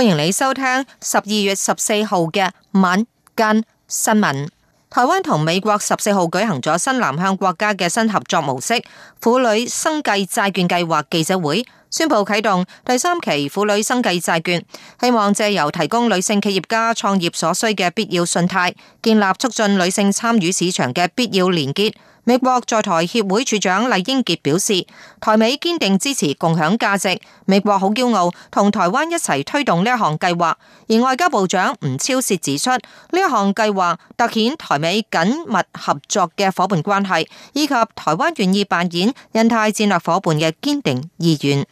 歡迎你收聽十二月十四號嘅晚間新聞。台灣同美國十四號舉行咗新南向國家嘅新合作模式婦女生計債券計劃記者會，宣布啟動第三期婦女生計債券，希望借由提供女性企業家創業所需嘅必要信貸，建立促進女性參與市場嘅必要連結。美國在台協會處長酈英傑表示，台美堅定支持共享價值，美國好驕傲同台灣一齊推動呢一項計劃。而外交部長吳釗燮指出，呢一項計劃凸顯台美緊密合作嘅夥伴關係，以及台灣願意扮演印太戰略夥伴嘅堅定意願。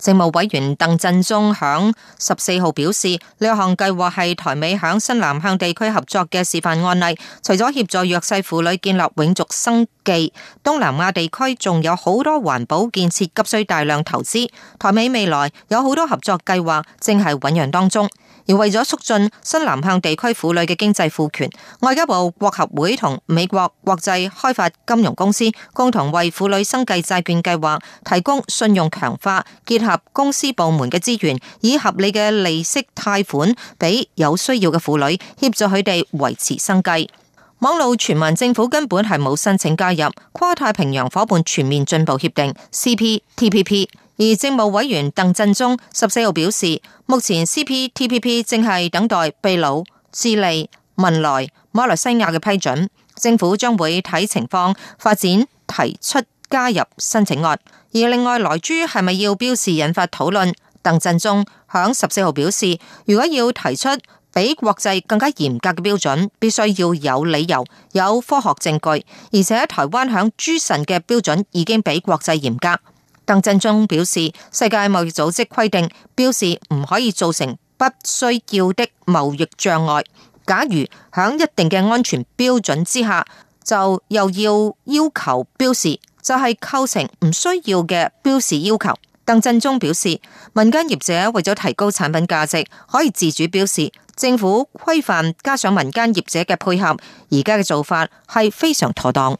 政務委員鄧振中響十四號表示，呢一項計劃係台美響新南向地區合作嘅示範案例。除咗協助弱勢婦女建立永續生計，東南亞地區仲有好多環保建設急需大量投資。台美未來有好多合作計劃正係醞釀當中。而為咗促進新南向地區婦女嘅經濟賦權，外交部國合會同美國國際開發金融公司共同為婦女生計債券計劃提供信用強化，結合公司部門嘅資源，以合理嘅利息貸款俾有需要嘅婦女，協助佢哋維持生計。網路傳聞政府根本係冇申請加入跨太平洋夥伴全面進步協定 （CPTPP）。CP 而政務委員鄧振中十四號表示，目前 CPTPP 正係等待秘魯、智利、文萊、馬來西亞嘅批准，政府將會睇情況發展提出加入申請案。而另外萊豬係咪要標示引發討論？鄧振中響十四號表示，如果要提出比國際更加嚴格嘅標準，必須要有理由、有科學證據，而且台灣響豬神嘅標準已經比國際嚴格。鄧振中表示，世界貿易組織規定標示唔可以造成不需要的貿易障礙。假如響一定嘅安全標準之下，就又要要求標示，就係、是、構成唔需要嘅標示要求。鄧振中表示，民間業者為咗提高產品價值，可以自主標示，政府規範加上民間業者嘅配合，而家嘅做法係非常妥當。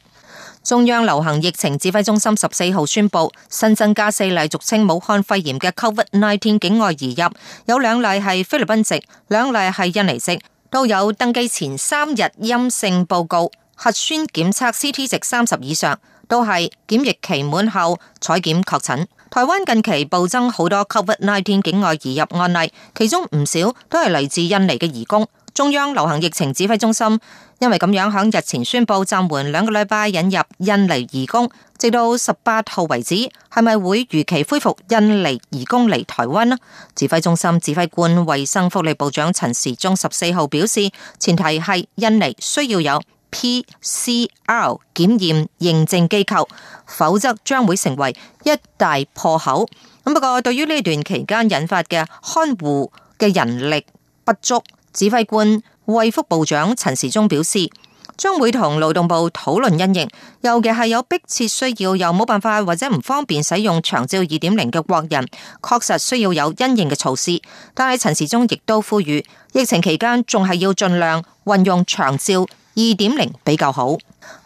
中央流行疫情指揮中心十四號宣布，新增加四例俗稱武漢肺炎嘅 COVID-19 境外移入，有兩例係菲律賓籍，兩例係印尼籍，都有登記前三日陰性報告，核酸檢測 CT 值三十以上，都係檢疫期滿後採檢確診。台灣近期暴增好多 COVID-19 境外移入案例，其中唔少都係嚟自印尼嘅移工。中央流行疫情指揮中心因為咁樣，響日前宣布暫緩兩個禮拜引入印尼移工，直到十八號為止，係咪會如期恢復印尼移工嚟台灣呢？指揮中心指揮官衛生福利部長陳時中十四號表示，前提係印尼需要有 PCR 檢驗認證機構，否則將會成為一大破口。咁不過對於呢段期間引發嘅看護嘅人力不足。指揮官衛福部長陳時中表示，將會同勞動部討論因應，尤其係有迫切需要又冇辦法或者唔方便使用長照二點零嘅國人，確實需要有因應嘅措施。但係陳時中亦都呼籲，疫情期間仲係要盡量運用長照二點零比較好。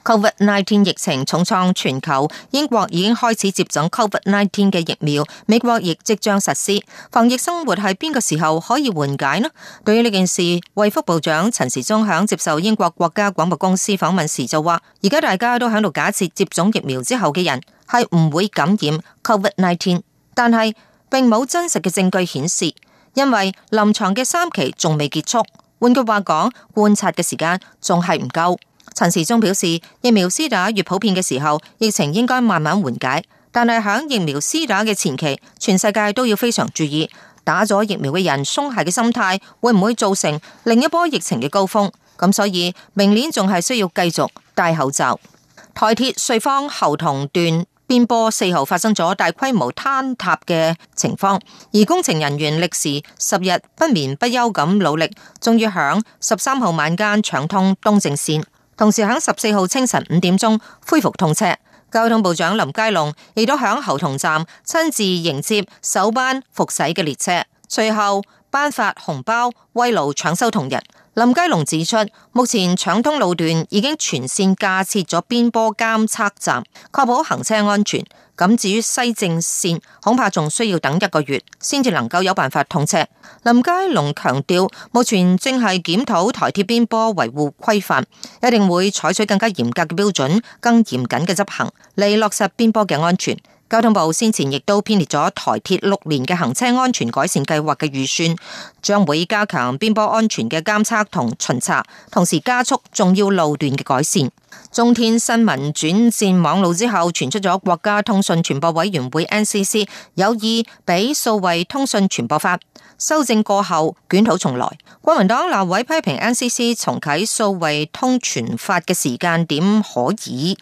Covid nineteen 疫情重創全球，英國已經開始接種 Covid nineteen 嘅疫苗，美國亦即將實施。防疫生活係邊個時候可以緩解呢？對於呢件事，衛福部長陳時中響接受英國國家廣播公司訪問時就話：而家大家都響度假設接種疫苗之後嘅人係唔會感染 Covid nineteen，但係並冇真實嘅證據顯示，因為臨床嘅三期仲未結束。換句話講，觀察嘅時間仲係唔夠。陳時中表示，疫苗施打越普遍嘅時候，疫情應該慢慢緩解。但係響疫苗施打嘅前期，全世界都要非常注意打咗疫苗嘅人鬆懈嘅心態會唔會造成另一波疫情嘅高峰。咁所以明年仲係需要繼續戴口罩。台鐵瑞芳喉同段邊坡四號發生咗大規模坍塌嘅情況，而工程人員歷時十日不眠不休咁努力，終於響十三號晚間搶通東正線。同時喺十四號清晨五點鐘恢復通車，交通部長林佳龍亦都響侯硐站親自迎接首班復駛嘅列車，隨後頒發紅包，慰勞搶修同仁。林佳龍指出，目前搶通路段已經全線架設咗邊坡監測站，確保行車安全。咁至於西正線，恐怕仲需要等一個月，先至能夠有辦法通車。林佳龍強調，目前正係檢討台鐵邊坡維護規範，一定會採取更加嚴格嘅標準，更嚴謹嘅執行，嚟落實邊坡嘅安全。交通部先前亦都編列咗台鐵六年嘅行車安全改善計劃嘅預算，將會加強邊坡安全嘅監測同巡查，同時加速重要路段嘅改善。中天新聞轉戰網路之後，傳出咗國家通訊傳播委員會 NCC 有意俾數位通訊傳播法修正過後捲土重來。國民黨立委批評 NCC 重啟數位通傳法嘅時間點可以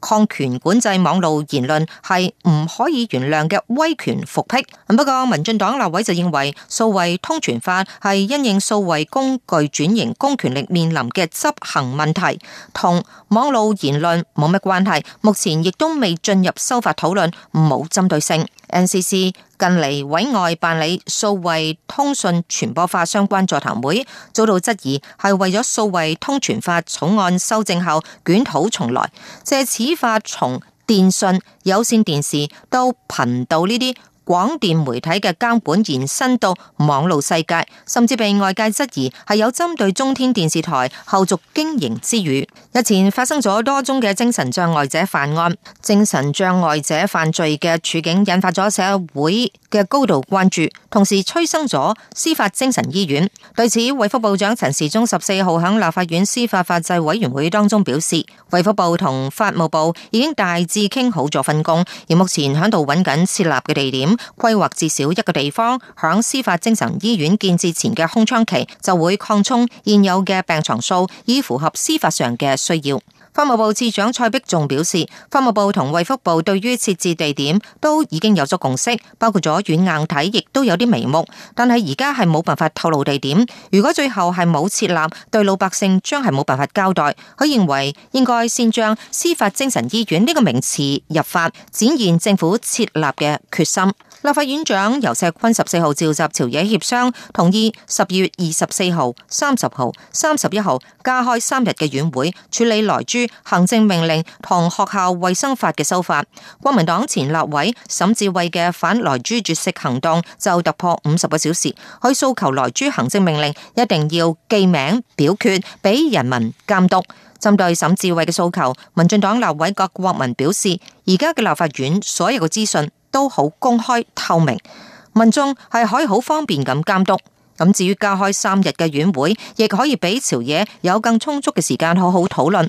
抗權管制網路言論，係唔可以原諒嘅威權復辟。不過民進黨立委就認為數位通傳法係因應數位工具轉型，公權力面臨嘅執行問題同。網路言論冇乜關係，目前亦都未進入修法討論，冇針對性。NCC 近嚟委外辦理數位通訊傳播法相關座談會，遭到質疑係為咗數位通傳法草案修正後捲土重來，借此法從電信、有線電視到頻道呢啲。廣電媒體嘅監管延伸到網絡世界，甚至被外界質疑係有針對中天電視台後續經營之虞。日前發生咗多宗嘅精神障礙者犯案，精神障礙者犯罪嘅處境引發咗社會嘅高度關注，同時催生咗司法精神醫院。對此，衛福部長陳時中十四號響立法院司法法制委員會當中表示，衛福部同法務部已經大致傾好咗分工，而目前響度揾緊設立嘅地點。規劃至少一個地方，響司法精神醫院建設前嘅空窗期，就會擴充現有嘅病床數，以符合司法上嘅需要。法務部次長蔡碧仲表示，法務部同衛福部對於設置地點都已經有咗共識，包括咗軟硬體，亦都有啲眉目，但係而家係冇辦法透露地點。如果最後係冇設立，對老百姓將係冇辦法交代。佢認為應該先將司法精神醫院呢個名詞入法，展現政府設立嘅決心。立法院長游錫堃十四號召集朝野協商，同意十二月二十四號、三十號、三十一號加開三日嘅院會處理萊豬行政命令同學校衛生法嘅修法。國民黨前立委沈智慧嘅反萊豬絕食行動就突破五十個小時，去訴求萊豬行政命令一定要記名表決，俾人民監督。針對沈志偉嘅訴求，民進黨立委郭國文表示，而家嘅立法院所有嘅資訊都好公開透明，民眾係可以好方便咁監督。咁至於加開三日嘅院會，亦可以俾朝野有更充足嘅時間好好討論。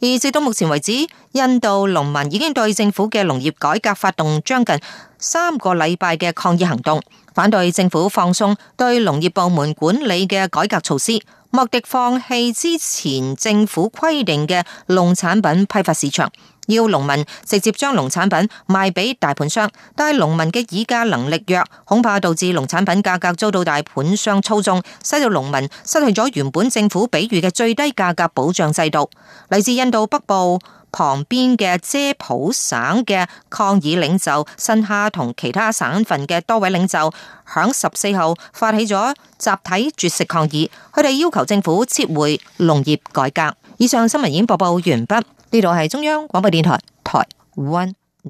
而直到目前為止，印度農民已經對政府嘅農業改革發動將近三個禮拜嘅抗議行動，反對政府放鬆對農業部門管理嘅改革措施。莫迪放棄之前政府規定嘅農產品批發市場。要農民直接將農產品賣俾大盤商，但係農民嘅議價能力弱，恐怕導致農產品價格遭到大盤商操縱，使到農民失去咗原本政府俾予嘅最低價格保障制度。嚟自印度北部旁邊嘅遮普省嘅抗議領袖、新哈同其他省份嘅多位領袖，響十四號發起咗集體絕食抗議，佢哋要求政府撤回農業改革。以上新聞演播報完畢。呢度係中央廣播電台，台灣。